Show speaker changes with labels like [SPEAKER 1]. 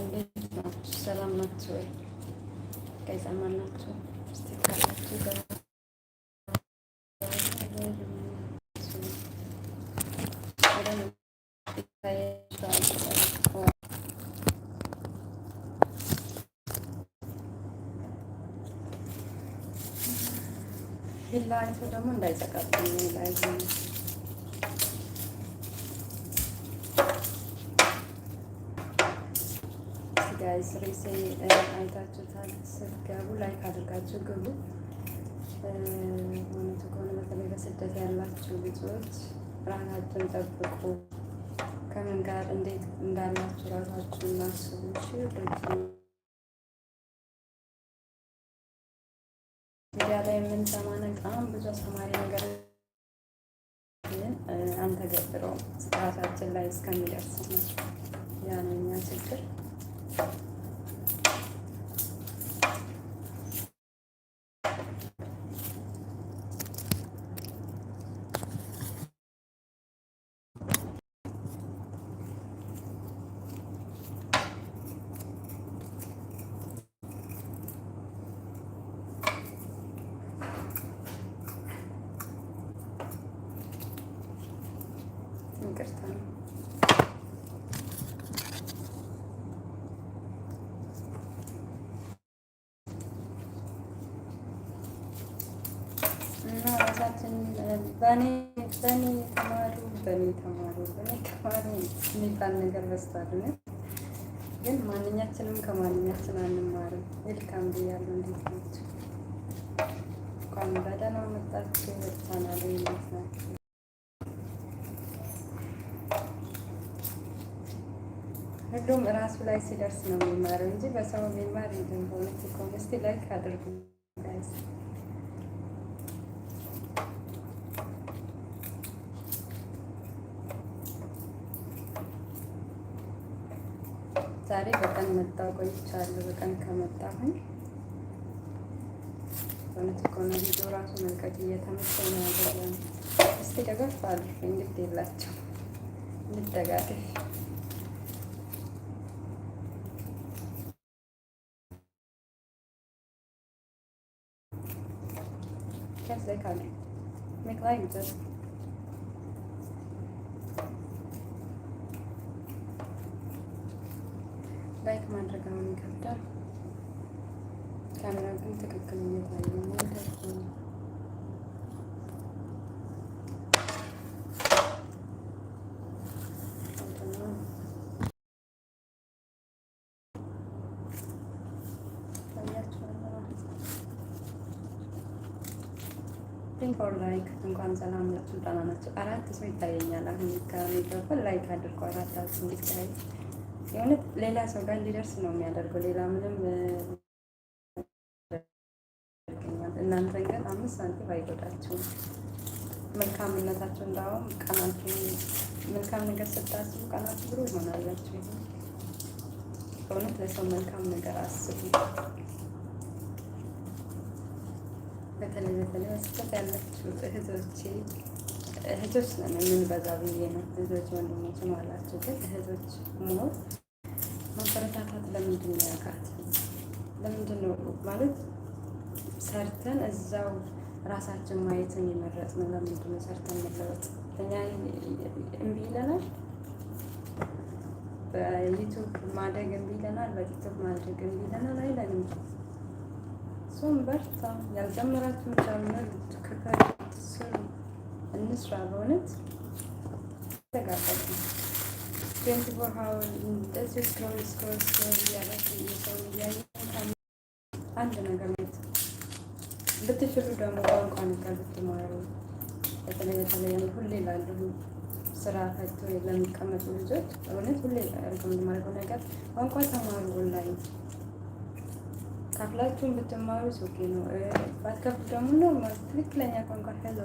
[SPEAKER 1] እንዴት ናችሁ? ሰላም ናችሁ ወይ? ከዛማ ናችሁ እስቲ ካላችሁ ደግሞ እንዳይዘጋብኝ ላይ ጋይስ ርዕሴ አይታችሁታል። ስትገቡ ላይክ አድርጋችሁ ግቡ። እውነቱ ከሆነ በተለይ በስደት ያላችሁ ልጆች ራሳችሁን ጠብቁ። ከምን ጋር እንዴት እንዳላችሁ ራሳችሁን ማስቡ። ሚዲያ ላይ የምንሰማ በጣም ብዙ አስተማሪ ነገር አንተገብረው ራሳችን ላይ እስከሚደርስ ነው ያነኛ ችግር que እና ራሳችን በኔ በእኔ ተማሩ በእኔ ተማሩ በእኔ ተማሩ የሚባል ነገር በስቷል። ግን ማንኛችንም ከማንኛችን አንማርም። ዌልካም ብያለሁ። እንዴት ናችሁ? እንኳን በደህና መጣችሁ። ወታናለ እንዴት ናችሁ? ሁሉም እራሱ ላይ ሲደርስ ነው የሚማረው እንጂ በሰው የሚማር ይድን። በእውነት ላይክ አድርጉ። ዛሬ በቀን መጣሁ ቆይቻለሁ። በቀን ከመጣሁኝ በእውነት እኮ ነው ቪዲዮ ራሱ መልቀቅ እየተመቸኝ ነው አይደለም። እስቲ ደገፍ አድርገኝ፣ ግድ የላቸው እንደጋገፍ ከዚህ ካሉ ሜክ ላይ ነገሩን ይከብዳል። ካሜራ ግን ትክክል እየታየ ፎር ላይክ እንኳን ሰላም ላችሁ። ጣና ናቸው አራት ሰው ይታየኛል። አሁን ከሚገባ ላይክ አድርጎ አራት ሰው ይታያል። የእውነት ሌላ ሰው ጋር እንዲደርስ ነው የሚያደርገው። ሌላ ምንም እናንተን ግን አምስት ሳንቲም አይጎዳችሁም። መልካምነታቸው እንዳውም ቀናችሁ መልካም ነገር ስታስቡ ቀናችሁ ብሩ ይሆናላችሁ። በእውነት ለሰው መልካም ነገር አስቡ። በተለይ በተለይ ስጠት ያላችሁ እህቶቼ እህቶች ነን የምንበዛው ብዬ ነው። ልጆች ወንድሞች ነው ግን እህቶች መሆን ማበረታታት ለምንድን ነው ያቃት? ለምንድን ነው ማለት ሰርተን እዛው ራሳችን ማየትን የመረጥ ነው። ለምንድን ነው ሰርተን መለወጥ? እኛ እምቢ ይለናል። በዩቱብ ማደግ እምቢ ይለናል። በቲክቶክ ማድረግ እምቢ ይለናል። አይለንም። እሱም በርታ ያልጀመራችሁ ቻናል ከከ ስሩ እንስራ። በእውነት ተጋባጭ ትዌንቲ ፎር ሀወር ስክሮል ስክሮል ስክሮል እያላችሁ እየሰሩ እያየ አንድ ነገር ማየት ብትችሉ ደግሞ ቋንቋ ነገር ብትማሩ በተለይ በተለይ ሁሌ ላለሁ ስራ ፈቶ ለሚቀመጡ ልጆች እውነት ሁሌ ርቅም የማደርገው ነገር ቋንቋ ተማሩ። ኦንላይን ካፍላችሁን ብትማሩ ሶኬ ነው። ባትከፍሉ ደግሞ ኖርማል ትክክለኛ ቋንቋ ሄሎ